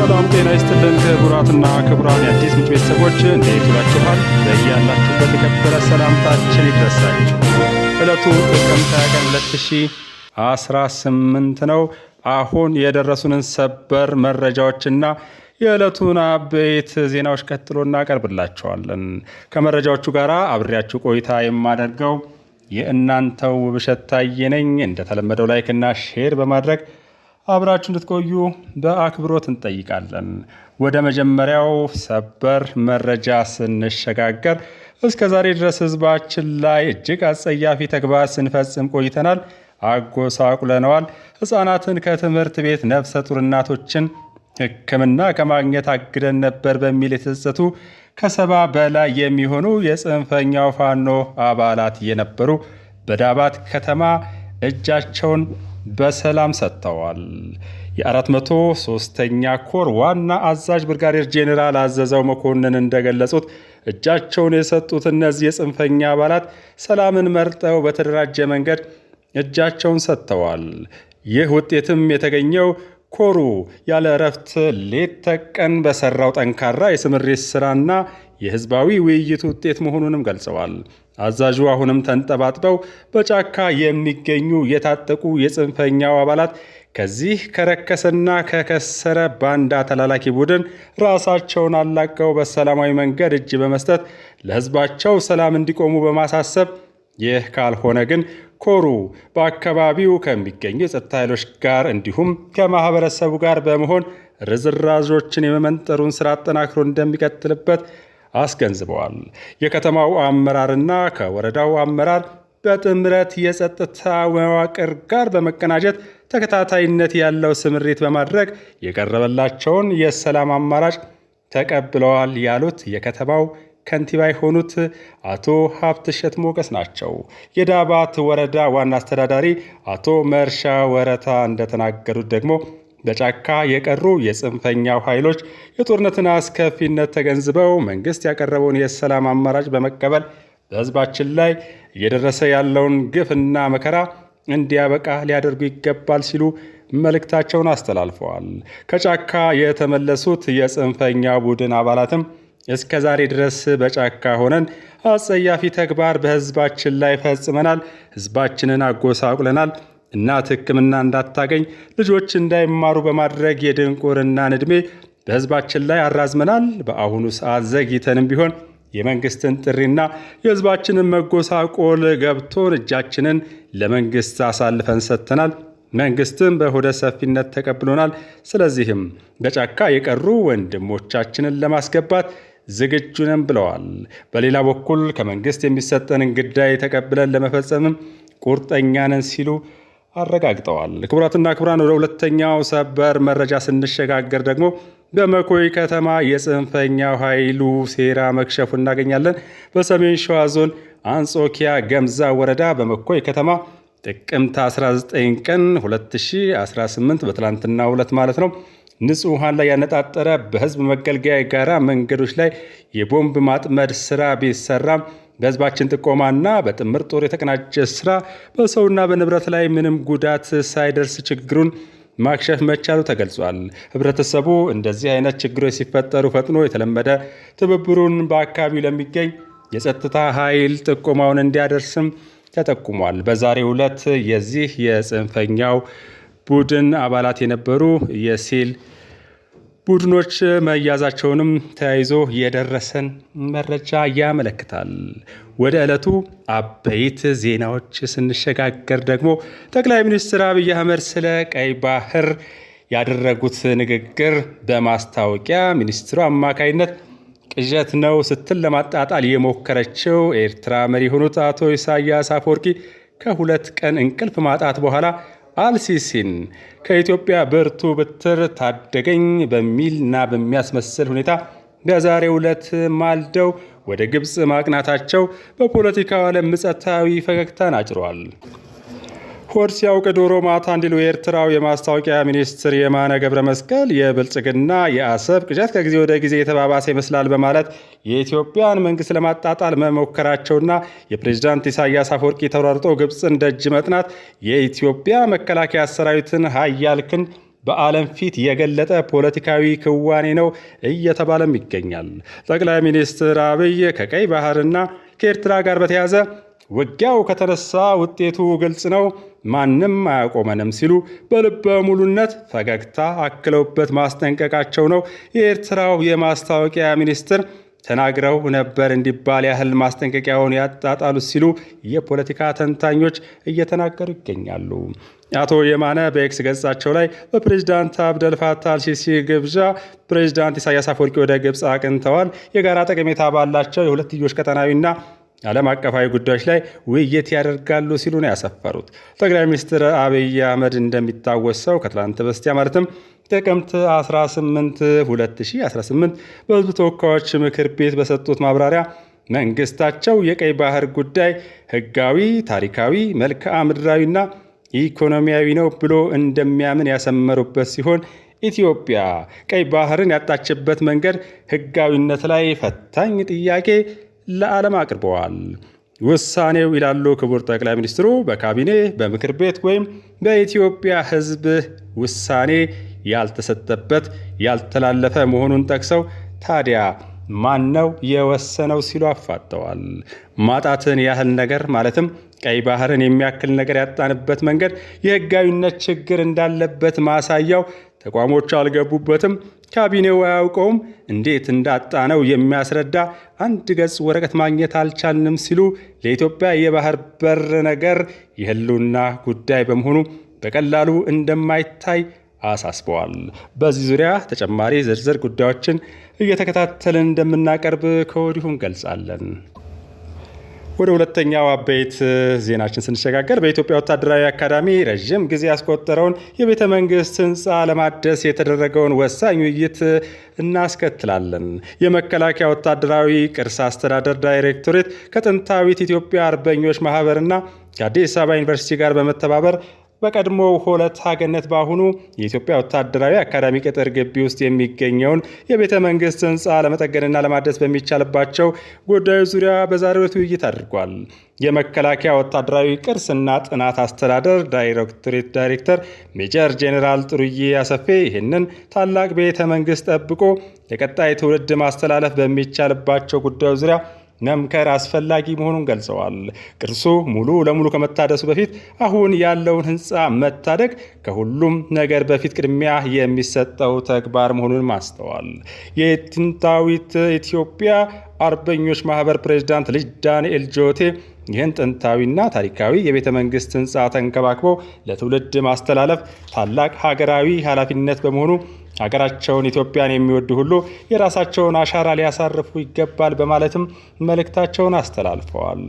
ሰላም ጤና ይስጥልን ክቡራትና ክቡራን የአዲስ ምንጭ ቤተሰቦች እንዴት ውላችኋል? በያላችሁበት የከበረ ሰላምታችን ይድረሳችሁ። ዕለቱ ጥቅምት ቀን 2018 ነው። አሁን የደረሱንን ሰበር መረጃዎችና የዕለቱን አበይት ዜናዎች ቀጥሎ እናቀርብላቸዋለን። ከመረጃዎቹ ጋር አብሬያችሁ ቆይታ የማደርገው የእናንተው ውብሸት ታዬ ነኝ። እንደተለመደው ላይክና ሼር በማድረግ አብራችሁ እንድትቆዩ በአክብሮት እንጠይቃለን። ወደ መጀመሪያው ሰበር መረጃ ስንሸጋገር እስከ ዛሬ ድረስ ህዝባችን ላይ እጅግ አጸያፊ ተግባር ስንፈጽም ቆይተናል፣ አጎሳቁለነዋል። ሕፃናትን ከትምህርት ቤት፣ ነፍሰ ጡር እናቶችን ሕክምና ከማግኘት አግደን ነበር በሚል የተጸጸቱ ከሰባ በላይ የሚሆኑ የጽንፈኛው ፋኖ አባላት የነበሩ በዳባት ከተማ እጃቸውን በሰላም ሰጥተዋል። የ403ኛ ኮር ዋና አዛዥ ብርጋዴር ጄኔራል አዘዘው መኮንን እንደገለጹት እጃቸውን የሰጡት እነዚህ የጽንፈኛ አባላት ሰላምን መርጠው በተደራጀ መንገድ እጃቸውን ሰጥተዋል። ይህ ውጤትም የተገኘው ኮሩ ያለ እረፍት ሌት ተቀን በሰራው ጠንካራ የስምሪት ስራና የህዝባዊ ውይይት ውጤት መሆኑንም ገልጸዋል። አዛዡ አሁንም ተንጠባጥበው በጫካ የሚገኙ የታጠቁ የጽንፈኛው አባላት ከዚህ ከረከሰና ከከሰረ ባንዳ ተላላኪ ቡድን ራሳቸውን አላቀው በሰላማዊ መንገድ እጅ በመስጠት ለህዝባቸው ሰላም እንዲቆሙ በማሳሰብ ይህ ካልሆነ ግን ኮሩ በአካባቢው ከሚገኙ የጸጥታ ኃይሎች ጋር እንዲሁም ከማህበረሰቡ ጋር በመሆን ርዝራዦችን የመመንጠሩን ስራ አጠናክሮ እንደሚቀጥልበት አስገንዝበዋል። የከተማው አመራርና ከወረዳው አመራር በጥምረት የጸጥታ መዋቅር ጋር በመቀናጀት ተከታታይነት ያለው ስምሪት በማድረግ የቀረበላቸውን የሰላም አማራጭ ተቀብለዋል ያሉት የከተማው ከንቲባ የሆኑት አቶ ሀብትሸት ሞገስ ናቸው። የዳባት ወረዳ ዋና አስተዳዳሪ አቶ መርሻ ወረታ እንደተናገሩት ደግሞ በጫካ የቀሩ የጽንፈኛው ኃይሎች የጦርነትን አስከፊነት ተገንዝበው መንግስት ያቀረበውን የሰላም አማራጭ በመቀበል በህዝባችን ላይ እየደረሰ ያለውን ግፍና መከራ እንዲያበቃ ሊያደርጉ ይገባል ሲሉ መልእክታቸውን አስተላልፈዋል። ከጫካ የተመለሱት የጽንፈኛ ቡድን አባላትም እስከ ዛሬ ድረስ በጫካ ሆነን አጸያፊ ተግባር በህዝባችን ላይ ፈጽመናል፣ ህዝባችንን አጎሳቁለናል እናት ሕክምና እንዳታገኝ፣ ልጆች እንዳይማሩ በማድረግ የድንቁርናን ዕድሜ በሕዝባችን ላይ አራዝመናል። በአሁኑ ሰዓት ዘግይተንም ቢሆን የመንግስትን ጥሪና የሕዝባችንን መጎሳቆል ገብቶን እጃችንን ለመንግስት አሳልፈን ሰጥተናል። መንግስትም በሆደ ሰፊነት ተቀብሎናል። ስለዚህም በጫካ የቀሩ ወንድሞቻችንን ለማስገባት ዝግጁ ነን ብለዋል። በሌላ በኩል ከመንግስት የሚሰጠንን ግዳይ ተቀብለን ለመፈጸምም ቁርጠኛ ነን ሲሉ አረጋግጠዋል። ክቡራትና ክቡራን ወደ ሁለተኛው ሰበር መረጃ ስንሸጋገር ደግሞ በመኮይ ከተማ የጽንፈኛው ኃይሉ ሴራ መክሸፉ እናገኛለን። በሰሜን ሸዋ ዞን አንጾኪያ ገምዛ ወረዳ በመኮይ ከተማ ጥቅምት 19 ቀን 2018 በትላንትናው ዕለት ማለት ነው ንጹሐን ላይ ያነጣጠረ በህዝብ መገልገያ የጋራ መንገዶች ላይ የቦምብ ማጥመድ ስራ ቢሰራም በህዝባችን ጥቆማና በጥምር ጦር የተቀናጀ ስራ በሰውና በንብረት ላይ ምንም ጉዳት ሳይደርስ ችግሩን ማክሸፍ መቻሉ ተገልጿል። ህብረተሰቡ እንደዚህ አይነት ችግሮች ሲፈጠሩ ፈጥኖ የተለመደ ትብብሩን በአካባቢው ለሚገኝ የጸጥታ ኃይል ጥቆማውን እንዲያደርስም ተጠቁሟል። በዛሬው ዕለት የዚህ የጽንፈኛው ቡድን አባላት የነበሩ የሲል ቡድኖች መያዛቸውንም ተያይዞ የደረሰን መረጃ ያመለክታል። ወደ ዕለቱ አበይት ዜናዎች ስንሸጋገር ደግሞ ጠቅላይ ሚኒስትር አብይ አህመድ ስለ ቀይ ባህር ያደረጉት ንግግር በማስታወቂያ ሚኒስትሩ አማካይነት ቅዠት ነው ስትል ለማጣጣል የሞከረችው ኤርትራ መሪ የሆኑት አቶ ኢሳያስ አፈወርቂ ከሁለት ቀን እንቅልፍ ማጣት በኋላ አልሲሲን ከኢትዮጵያ ብርቱ ብትር ታደገኝ በሚልና በሚያስመስል ሁኔታ በዛሬው ዕለት ማልደው ወደ ግብፅ ማቅናታቸው በፖለቲካው ዓለም ምጸታዊ ፈገግታን አጭሯል። ሆድ ሲያውቅ ዶሮ ማታ እንዲሉ የኤርትራው የማስታወቂያ ሚኒስትር የማነ ገብረ መስቀል የብልጽግና የአሰብ ቅዠት ከጊዜ ወደ ጊዜ የተባባሰ ይመስላል በማለት የኢትዮጵያን መንግስት ለማጣጣል መሞከራቸውና የፕሬዚዳንት ኢሳያስ አፈወርቂ ተሯርጦ ግብፅን ደጅ መጥናት የኢትዮጵያ መከላከያ ሰራዊትን ሀያልክን በዓለም ፊት የገለጠ ፖለቲካዊ ክዋኔ ነው እየተባለም ይገኛል። ጠቅላይ ሚኒስትር አብይ ከቀይ ባህርና ከኤርትራ ጋር በተያያዘ ውጊያው ከተነሳ ውጤቱ ግልጽ ነው፣ ማንም አያቆመንም ሲሉ በልበ ሙሉነት ፈገግታ አክለውበት ማስጠንቀቃቸው ነው የኤርትራው የማስታወቂያ ሚኒስትር ተናግረው ነበር እንዲባል ያህል ማስጠንቀቂያውን ያጣጣሉት ሲሉ የፖለቲካ ተንታኞች እየተናገሩ ይገኛሉ። አቶ የማነ በኤክስ ገጻቸው ላይ በፕሬዚዳንት አብደል አልሲሲ ግብዣ ፕሬዝዳንት ኢሳያስ አፈወርቂ ወደ ግብፅ አቅንተዋል። የጋራ ጠቀሜታ ባላቸው የሁለትዮሽ ቀጠናዊና ዓለም አቀፋዊ ጉዳዮች ላይ ውይይት ያደርጋሉ ሲሉ ነው ያሰፈሩት። ጠቅላይ ሚኒስትር አብይ አህመድ እንደሚታወሰው ከትላንት በስቲያ ማለትም ጥቅምት 18 2018 ተወካዮች ምክር ቤት በሰጡት ማብራሪያ መንግስታቸው የቀይ ባህር ጉዳይ ህጋዊ፣ ታሪካዊ፣ መልክዓ ምድራዊና ኢኮኖሚያዊ ነው ብሎ እንደሚያምን ያሰመሩበት ሲሆን ኢትዮጵያ ቀይ ባህርን ያጣችበት መንገድ ህጋዊነት ላይ ፈታኝ ጥያቄ ለዓለም አቅርበዋል። ውሳኔው ይላሉ ክቡር ጠቅላይ ሚኒስትሩ በካቢኔ በምክር ቤት ወይም በኢትዮጵያ ሕዝብ ውሳኔ ያልተሰጠበት ያልተላለፈ መሆኑን ጠቅሰው ታዲያ ማን ነው የወሰነው ሲሉ አፋጠዋል። ማጣትን ያህል ነገር ማለትም ቀይ ባህርን የሚያክል ነገር ያጣንበት መንገድ የህጋዊነት ችግር እንዳለበት ማሳያው ተቋሞች አልገቡበትም፣ ካቢኔው አያውቀውም፣ እንዴት እንዳጣነው የሚያስረዳ አንድ ገጽ ወረቀት ማግኘት አልቻልንም ሲሉ ለኢትዮጵያ የባህር በር ነገር የህልውና ጉዳይ በመሆኑ በቀላሉ እንደማይታይ አሳስበዋል። በዚህ ዙሪያ ተጨማሪ ዝርዝር ጉዳዮችን እየተከታተልን እንደምናቀርብ ከወዲሁ እንገልጻለን። ወደ ሁለተኛው አበይት ዜናችን ስንሸጋገር በኢትዮጵያ ወታደራዊ አካዳሚ ረዥም ጊዜ ያስቆጠረውን የቤተ መንግስት ህንፃ ለማደስ የተደረገውን ወሳኝ ውይይት እናስከትላለን። የመከላከያ ወታደራዊ ቅርስ አስተዳደር ዳይሬክቶሬት ከጥንታዊት ኢትዮጵያ አርበኞች ማህበርና ከአዲስ አበባ ዩኒቨርሲቲ ጋር በመተባበር በቀድሞ ሁለት ሀገነት በአሁኑ የኢትዮጵያ ወታደራዊ አካዳሚ ቅጥር ግቢ ውስጥ የሚገኘውን የቤተ መንግስት ህንፃ ለመጠገንና ለማደስ በሚቻልባቸው ጉዳዮች ዙሪያ በዛሬው ዕለት ውይይት አድርጓል። የመከላከያ ወታደራዊ ቅርስና ጥናት አስተዳደር ዳይሬክቶሬት ዳይሬክተር ሜጀር ጄኔራል ጥሩዬ አሰፌ ይህንን ታላቅ ቤተ መንግስት ጠብቆ ለቀጣይ ትውልድ ማስተላለፍ በሚቻልባቸው ጉዳዮች ዙሪያ መምከር አስፈላጊ መሆኑን ገልጸዋል። ቅርሱ ሙሉ ለሙሉ ከመታደሱ በፊት አሁን ያለውን ሕንፃ መታደግ ከሁሉም ነገር በፊት ቅድሚያ የሚሰጠው ተግባር መሆኑን ማስተዋል የጥንታዊት ኢትዮጵያ አርበኞች ማህበር ፕሬዚዳንት ልጅ ዳንኤል ጆቴ ይህን ጥንታዊና ታሪካዊ የቤተ መንግስት ህንፃ ተንከባክቦ ለትውልድ ማስተላለፍ ታላቅ ሀገራዊ ኃላፊነት በመሆኑ ሀገራቸውን ኢትዮጵያን የሚወዱ ሁሉ የራሳቸውን አሻራ ሊያሳርፉ ይገባል በማለትም መልእክታቸውን አስተላልፈዋል።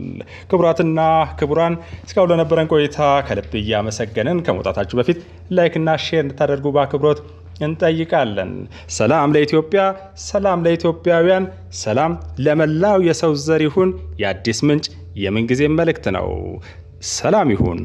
ክቡራትና ክቡራን እስካሁን ለነበረን ቆይታ ከልብ እያመሰገንን ከመውጣታችሁ በፊት ላይክና ሼር እንድታደርጉ በአክብሮት እንጠይቃለን። ሰላም ለኢትዮጵያ፣ ሰላም ለኢትዮጵያውያን፣ ሰላም ለመላው የሰው ዘር ይሁን የአዲስ ምንጭ የምንጊዜ መልእክት ነው። ሰላም ይሁን።